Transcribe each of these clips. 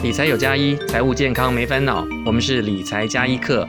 理財有加一，財務健康沒煩惱。我們是理財加一課。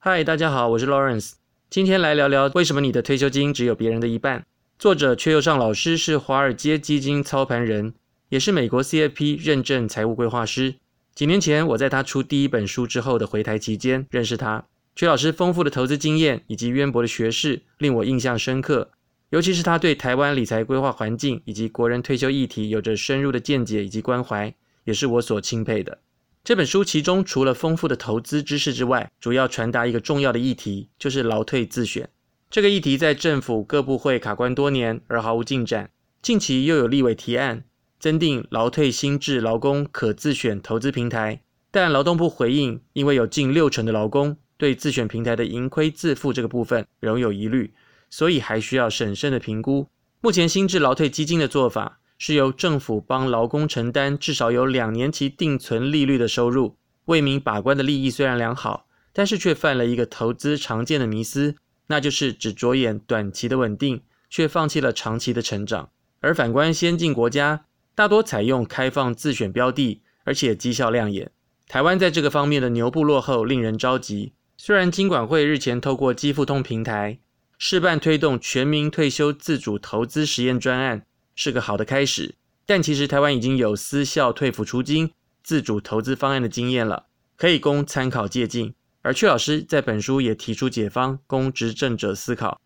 嗨，大家好，我是 Lawrence。今天來聊聊為什麼你的退休金只有別人的一半，作者闕又上老師是華爾街基金操盤人，也是美國 CFP 認證財務規劃師。幾年前我在他出第一本書之後的回台期間認識他，闕老師豐富的投資經驗以及淵博的學識令我印象深刻，尤其是他對台灣理財規劃環境以及國人退休議題有着深入的見解以及關懷。也是我所欽佩的。這本書其中除了豐富的投資知識之外，主要傳達一個重要的議題，就是勞退自選。這個議題在政府各部會卡關多年而毫無進展，近期又有立委提案增訂勞退新制勞工可自選投資平台，但勞動部回應，因為有近六成的勞工對自選平台的盈虧自負這個部分仍有疑慮，所以還需要審慎的評估。目前新制勞退基金的做法。是由政府幫勞工承擔至少有兩年期定存利率的收入，為民把關的利益雖然良好，但是卻犯了一個投資常見的迷思，那就是只着眼短期的穩定，卻放棄了長期的成長。而反觀先進國家，大多採用開放自選標的，而且績效亮眼。台灣在這個方面的牛步落後，令人着急。雖然金管會日前透過基富通平台，試辦推動全民退休自主投資實驗專案。是個好的開始，但其實台灣已經有私校退撫儲金自主投資方案的經驗了，可以供參考借鑑。而闕老師在本書也提出解方，供執政者思考。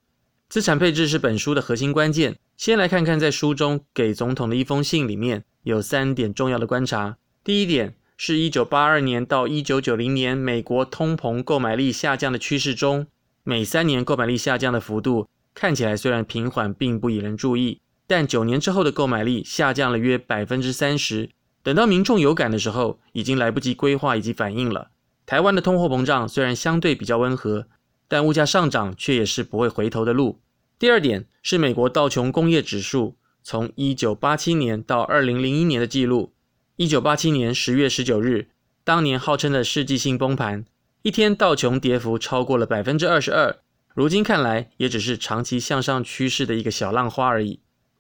資產配置是本書的核心關鍵。先來看看在書中給總統的一封信裡面有三點重要的觀察。第一點是一九八二年到一九九零年美國通膨購買力下降的趨勢中，每三年購買力下降的幅度看起來雖然平緩，並不引人注意。但九年之後的購買力下降了約百分之三十。等到民眾有感的時候，已經來不及規劃以及反應了。台灣的通貨膨脹雖然相對比較溫和，但物價上漲卻也是不會回頭的路。第二點是美國道瓊工業指數從一九八七年到二零零一年的記錄。一九八七年十月十九日，當年號稱的世紀性崩盤，一天道瓊跌幅超過了百分之二十二。如今看來，也只是長期向上趨勢的一個小浪花而已。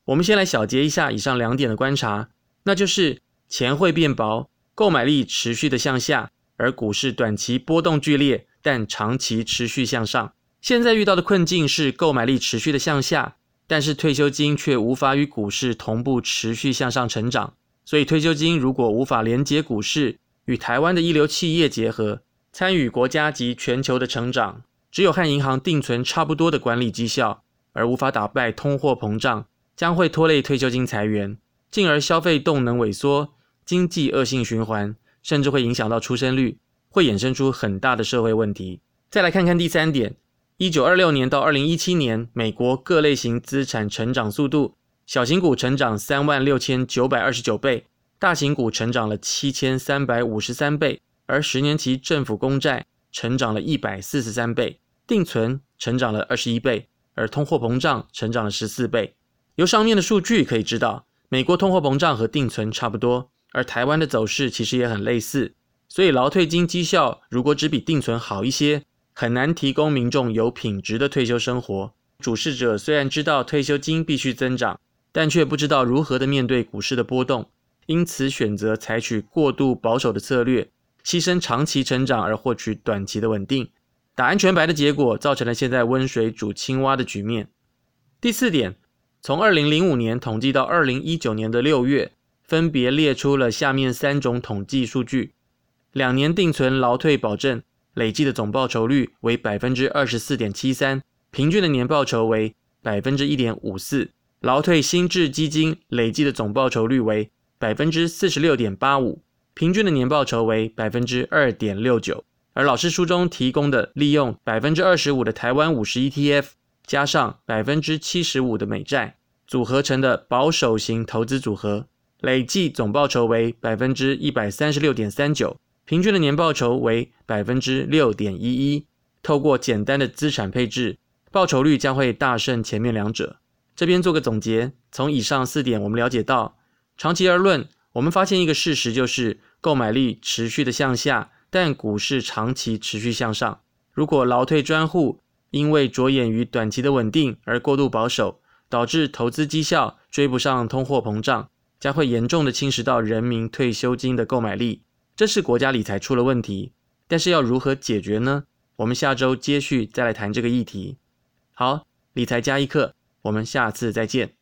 我們先來小結一下以上兩點的觀察，那就是錢會變薄，購買力持續的向下，而股市短期波動劇烈，但長期持續向上。現在遇到的困境是購買力持續的向下，但是退休金卻無法與股市同步持續向上成長。所以退休金如果無法連接股市與台灣的一流企業結合，參與國家及全球的成長，只有和銀行定存差不多的管理績效，而無法打敗通貨膨脹。將會拖累退休金裁員，進而消費動能萎縮，經濟惡性循環，甚至會影響到出生率，會衍生出很大的社會問題。再來看看第三點，一九二六年到二零一七年，美國各類型資產成長速度，小型股成長三萬六千九百二十九倍，大型股成長了七千三百五十三倍，而十年期政府公債成長了一百四十三倍，定存成長了二十一倍，而通貨膨脹成長了十四倍。由上面的數據可以知道，美國通貨膨脹和定存差不多，而台灣的走勢其實也很類似。所以勞退金績效如果只比定存好一些，很難提供民眾有品質的退休生活。主事者雖然知道退休金必須增長，但卻不知道如何的面對股市的波動，因此選擇採取過度保守的策略，犧牲長期成長而獲取短期的穩定，打安全牌的結果，造成了現在溫水煮青蛙的局面。第四點。從二零零五年統計到二零一九年的六月，分別列出了下面三種統計數據：兩年定存勞退保證累計的總報酬率為百分之二十四點七三，平均的年報酬為百分之一點五四；勞退新制基金累計的總報酬率為百分之四十六點八五，平均的年報酬為百分之二點六九。而老師書中提供的利用百分之二十五的台灣五十 ETF 加上百分之七十五的美債。組合成的保守型投資組合累計總報酬為百分之一百三十六點三九，平均的年報酬為百分之六點一一。透過簡單的資產配置，報酬率將會大勝前面兩者。這邊做個總結：從以上四點，我們了解到，長期而論，我們發現一個事實，就是購買力持續的向下，但股市長期持續向上。如果勞退專戶因為着眼於短期的穩定而過度保守，導致投資績效追不上通貨膨脹，將會嚴重的侵蝕到人民退休金的購買力。這是國家理財出了問題，但是要如何解決呢？我們下周接續再來談這個議題。好，理財加一課，我們下次再見。